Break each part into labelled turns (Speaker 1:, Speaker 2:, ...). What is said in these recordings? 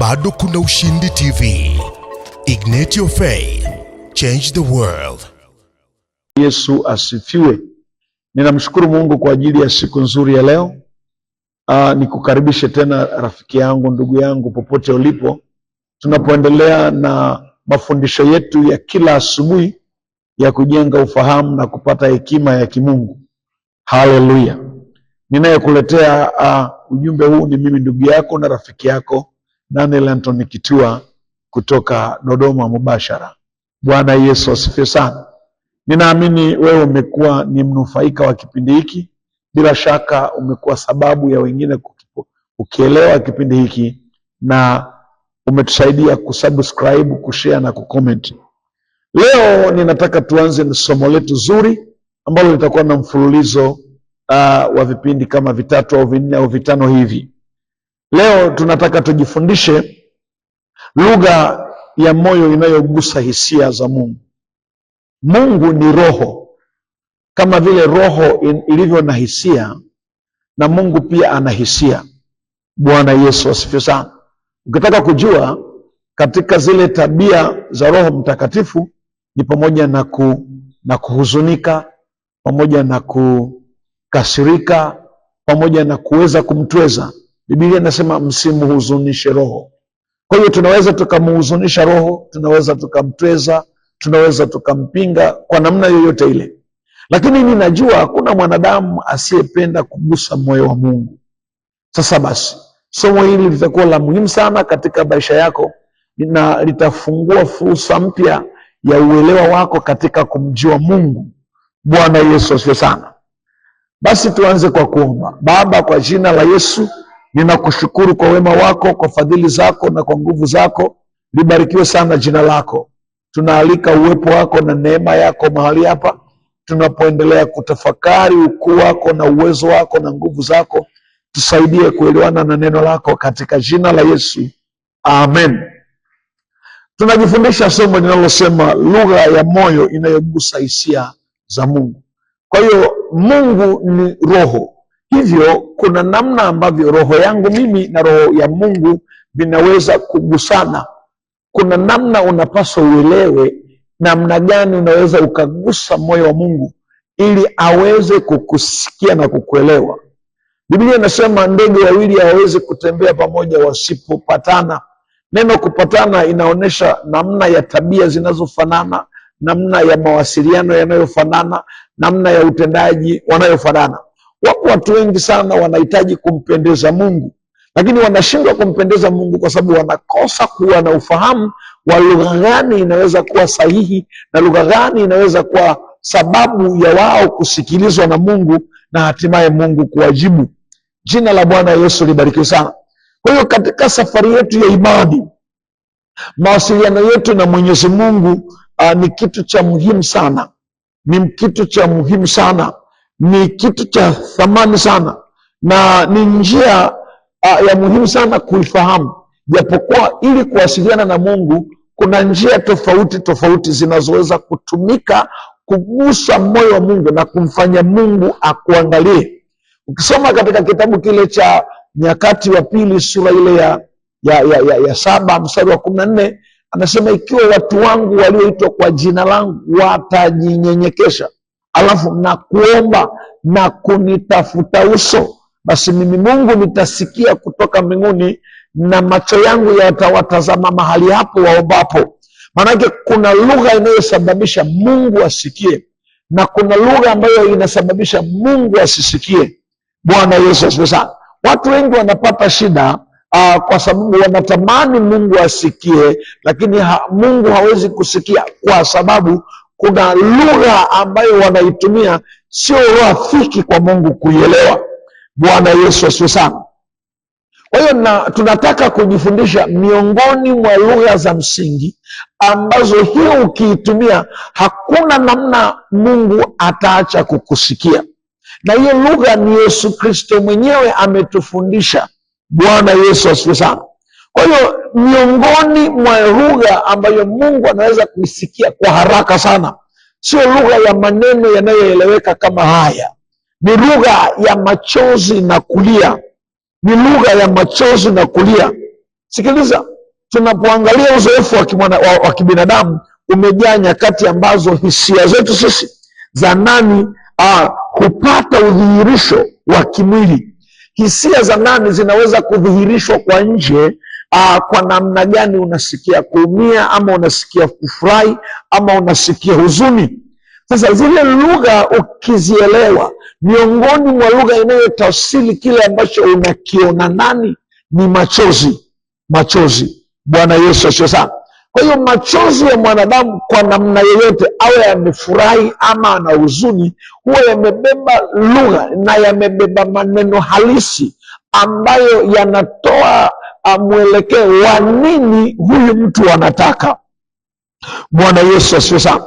Speaker 1: bado kuna ushindi TV. Ignite your faith, change the world.
Speaker 2: Yesu asifiwe. Ninamshukuru Mungu kwa ajili ya siku nzuri ya leo. Ah, nikukaribishe tena rafiki yangu, ndugu yangu, popote ulipo, tunapoendelea na mafundisho yetu ya kila asubuhi ya kujenga ufahamu na kupata hekima ya kimungu. Haleluya! Ninayekuletea uh, ujumbe huu ni mimi ndugu yako na rafiki yako Daniel Anthony Kitua kutoka Dodoma mubashara. Bwana Yesu asifiwe sana. Ninaamini wewe umekuwa ni mnufaika wa kipindi hiki, bila shaka umekuwa sababu ya wengine kukipo, ukielewa kipindi hiki na umetusaidia kusubscribe, kushare na kucomment. Leo ninataka tuanze na somo letu zuri ambalo litakuwa na mfululizo uh, wa vipindi kama vitatu au vinne au vitano hivi Leo tunataka tujifundishe lugha ya moyo inayogusa hisia za Mungu. Mungu ni roho, kama vile roho ilivyo na hisia, na Mungu pia ana hisia. Bwana Yesu asifiwe sana. Ukitaka kujua katika zile tabia za Roho Mtakatifu ni pamoja na, ku, na kuhuzunika pamoja na kukasirika pamoja na kuweza kumtweza Biblia inasema msimhuzunishe Roho. Kwa hiyo tunaweza tukamhuzunisha Roho, tunaweza tukamtweza, tunaweza tukampinga kwa namna yoyote ile, lakini ninajua hakuna mwanadamu asiyependa kugusa moyo wa Mungu. Sasa basi, somo hili litakuwa la muhimu sana katika maisha yako na litafungua fursa mpya ya uelewa wako katika kumjua Mungu. Bwana Yesu asifiwe sana. Basi tuanze kwa kuomba. Baba, kwa jina la Yesu Ninakushukuru kwa wema wako, kwa fadhili zako na kwa nguvu zako. Libarikiwe sana jina lako. Tunaalika uwepo wako na neema yako mahali hapa tunapoendelea kutafakari ukuu wako na uwezo wako na nguvu zako. Tusaidie kuelewana na neno lako katika jina la Yesu, amen. Tunajifundisha somo linalosema lugha ya moyo inayogusa hisia za Mungu. Kwa hiyo Mungu ni roho, hivyo kuna namna ambavyo roho yangu mimi na roho ya Mungu vinaweza kugusana. Kuna namna unapaswa uelewe namna gani unaweza ukagusa moyo wa Mungu ili aweze kukusikia na kukuelewa. Biblia inasema ndege wawili hawawezi kutembea pamoja wasipopatana. Neno kupatana inaonyesha namna ya tabia zinazofanana, namna ya mawasiliano yanayofanana, namna ya utendaji wanayofanana. Wako watu wengi sana wanahitaji kumpendeza Mungu, lakini wanashindwa kumpendeza Mungu kwa sababu wanakosa kuwa na ufahamu wa lugha gani inaweza kuwa sahihi na lugha gani inaweza kuwa sababu ya wao kusikilizwa na Mungu na hatimaye Mungu kuwajibu. Jina la Bwana Yesu libarikiwe sana. Kwa hiyo katika safari yetu ya imani, mawasiliano yetu na Mwenyezi Mungu ah, ni kitu cha muhimu sana, ni kitu cha muhimu sana ni kitu cha thamani sana na ni njia uh, ya muhimu sana kuifahamu, japokuwa ili kuwasiliana na Mungu kuna njia tofauti tofauti zinazoweza kutumika kugusa moyo wa Mungu na kumfanya Mungu akuangalie. Ukisoma katika kitabu kile cha Nyakati wa Pili sura ile ya, ya, ya, ya, ya saba mstari wa kumi na nne anasema ikiwa watu wangu walioitwa kwa jina langu watajinyenyekesha alafu na kuomba na kunitafuta uso, basi mimi Mungu nitasikia kutoka mbinguni na macho yangu yatawatazama mahali hapo waombapo. Maanake kuna lugha inayosababisha Mungu asikie na kuna lugha ambayo inasababisha Mungu asisikie. Bwana Yesu asifiwe sana. Watu wengi wanapata shida uh, kwa sababu wanatamani Mungu asikie, lakini ha, Mungu hawezi kusikia kwa sababu kuna lugha ambayo wanaitumia sio rafiki kwa Mungu kuielewa. Bwana Yesu asifiwe sana. Kwa hiyo na tunataka kujifundisha miongoni mwa lugha za msingi ambazo hiyo ukiitumia hakuna namna Mungu ataacha kukusikia, na hiyo lugha ni Yesu Kristo mwenyewe ametufundisha. Bwana Yesu asifiwe sana. Kwa hiyo miongoni mwa lugha ambayo Mungu anaweza kuisikia kwa haraka sana. Sio lugha ya maneno yanayoeleweka kama haya, ni lugha ya machozi na kulia, ni lugha ya machozi na kulia. Sikiliza, tunapoangalia uzoefu wa kibinadamu umejaa nyakati ambazo hisia zetu sisi za ndani hupata udhihirisho wa kimwili. Hisia za ndani zinaweza kudhihirishwa kwa nje aa, ah, kwa namna gani unasikia kuumia ama unasikia kufurahi ama unasikia huzuni. Sasa zile lugha ukizielewa, miongoni mwa lugha inayotafsiri kile ambacho unakiona nani ni machozi. Machozi. Bwana Yesu asio sana. Kwa hiyo machozi ya mwanadamu kwa namna yoyote, awe amefurahi ama ana huzuni, huwa yamebeba lugha na yamebeba maneno halisi ambayo yanatoa amwelekee wa nini huyu mtu anataka. Bwana Yesu asifiwe sana.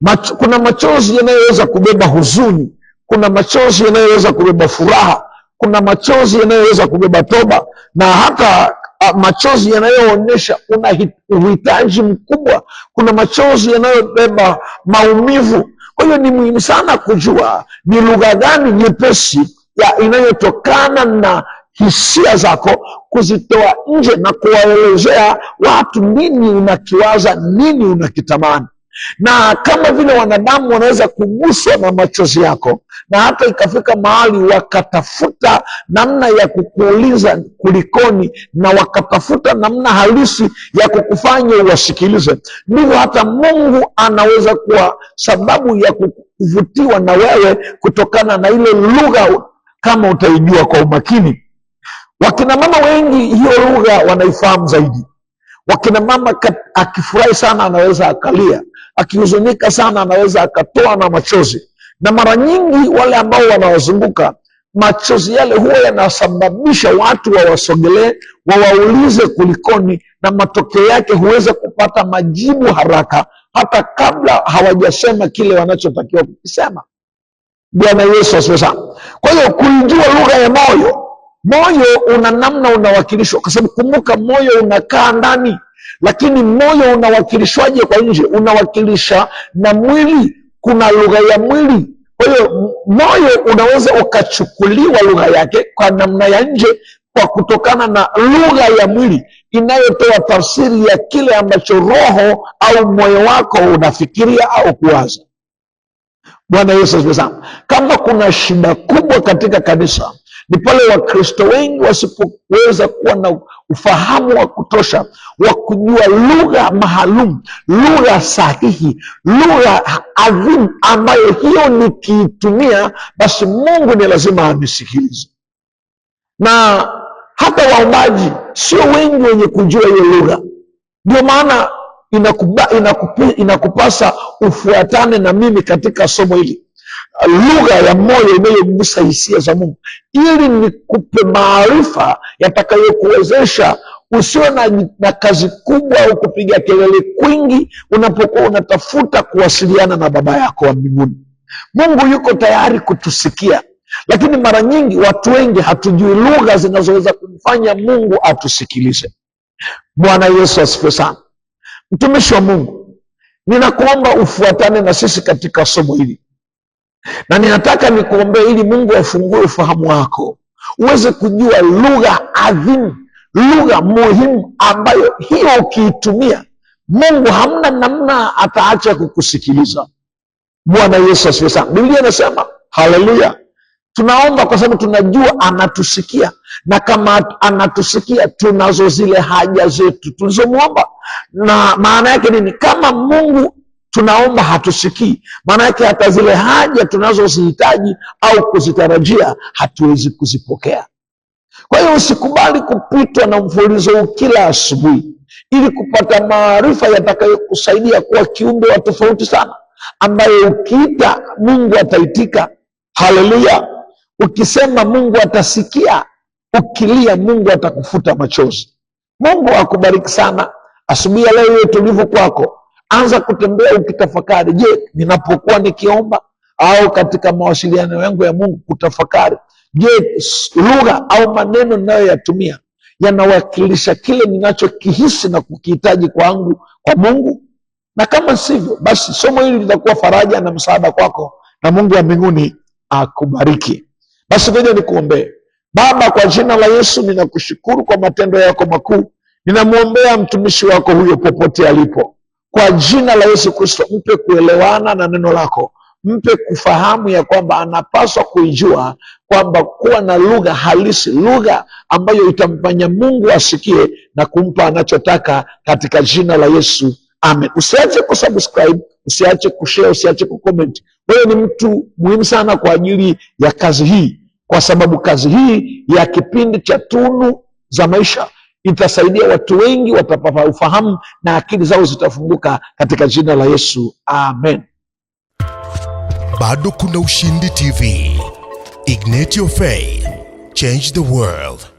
Speaker 2: Mach, kuna machozi yanayoweza kubeba huzuni, kuna machozi yanayoweza kubeba furaha, kuna machozi yanayoweza kubeba toba na hata a, machozi yanayoonyesha una uhitaji mkubwa. Kuna machozi yanayobeba maumivu. Kwa hiyo ni muhimu sana kujua ni lugha gani nyepesi ya inayotokana na hisia zako kuzitoa nje na kuwaelezea watu nini unakiwaza, nini unakitamani. Na kama vile wanadamu wanaweza kuguswa na machozi yako, na hata ikafika mahali wakatafuta namna ya kukuuliza kulikoni, na wakatafuta namna halisi ya kukufanya uwasikilize, ndivyo hata Mungu anaweza kuwa sababu ya kuvutiwa na wewe kutokana na ile lugha, kama utaijua kwa umakini. Wakinamama wengi hiyo lugha wanaifahamu zaidi. Wakinamama akifurahi sana anaweza akalia, akihuzunika sana anaweza akatoa na machozi, na mara nyingi wale ambao wanawazunguka machozi yale huwa yanasababisha watu wawasogelee, wawaulize kulikoni, na matokeo yake huweza kupata majibu haraka, hata kabla hawajasema kile wanachotakiwa kukisema. Bwana Yesu asifiwe sana. Kwa hiyo kuijua lugha ya moyo Moyo una namna unawakilishwa, kwa sababu kumbuka, moyo unakaa ndani, lakini moyo unawakilishwaje kwa nje? Unawakilisha na mwili, kuna lugha ya mwili. Kwa hiyo moyo unaweza ukachukuliwa lugha yake kwa namna ya nje kwa kutokana na lugha ya mwili inayotoa tafsiri ya kile ambacho roho au moyo wako unafikiria au kuwaza. Bwana Yesu asifiwe sana. Kama kuna shida kubwa katika kanisa ni pale Wakristo wengi wasipoweza kuwa na ufahamu wa kutosha wa kujua lugha maalum, lugha sahihi, lugha adhimu ambayo hiyo nikiitumia, basi Mungu ni lazima anisikilize. Na hata waombaji sio wengi wenye kujua hiyo lugha, ndio maana inakupasa ufuatane na mimi katika somo hili lugha ya moyo inayogusa hisia za Mungu, ili nikupe maarifa yatakayokuwezesha usiwe na, na kazi kubwa au kupiga kelele kwingi unapokuwa unatafuta kuwasiliana na Baba yako wa mbinguni. Mungu yuko tayari kutusikia, lakini mara nyingi watu wengi hatujui lugha zinazoweza kumfanya Mungu atusikilize. Bwana Yesu asifiwe sana. Mtumishi wa Mungu, ninakuomba ufuatane na sisi katika somo hili na ninataka nikuombee ili Mungu afungue ufahamu wako uweze kujua lugha adhimu, lugha muhimu ambayo hiyo ukiitumia Mungu hamna namna ataacha kukusikiliza. Bwana Yesu asifiwe sana. Biblia inasema haleluya, tunaomba kwa sababu tunajua anatusikia, na kama anatusikia tunazo zile haja zetu tulizomwomba. Na maana yake nini? Kama Mungu tunaomba hatusikii, maana yake hata zile haja tunazozihitaji au kuzitarajia hatuwezi kuzipokea. Kwa hiyo usikubali kupitwa na mfululizo kila asubuhi, ili kupata maarifa yatakayokusaidia kuwa kiumbe wa tofauti sana, ambaye ukiita Mungu ataitika. Haleluya! Ukisema Mungu atasikia, ukilia Mungu atakufuta machozi. Mungu akubariki sana asubuhi ya leo, iwe tulivu kwako anza kutembea ukitafakari, je, ninapokuwa nikiomba au katika mawasiliano yangu ya Mungu kutafakari, je, lugha au maneno ninayoyatumia yanawakilisha kile ninachokihisi na kukihitaji kwangu kwa Mungu? Na kama sivyo, basi somo hili litakuwa faraja na msaada kwako, na Mungu wa mbinguni akubariki. Basi ngoja nikuombee. Baba, kwa jina la Yesu ninakushukuru kwa matendo yako makuu. Ninamwombea mtumishi wako huyo popote alipo kwa jina la Yesu Kristo, mpe kuelewana na neno lako, mpe kufahamu ya kwamba anapaswa kuijua kwamba kuwa na lugha halisi, lugha ambayo itamfanya Mungu asikie na kumpa anachotaka katika jina la Yesu, amen. Usiache kusubscribe, usiache kushare, usiache kucomment. Wewe ni mtu muhimu sana kwa ajili ya kazi hii, kwa sababu kazi hii ya kipindi cha Tunu za Maisha itasaidia watu wengi, watapata ufahamu na akili zao zitafunguka katika jina la Yesu, amen.
Speaker 1: Bado kuna Ushindi TV, ignite your faith, change the world.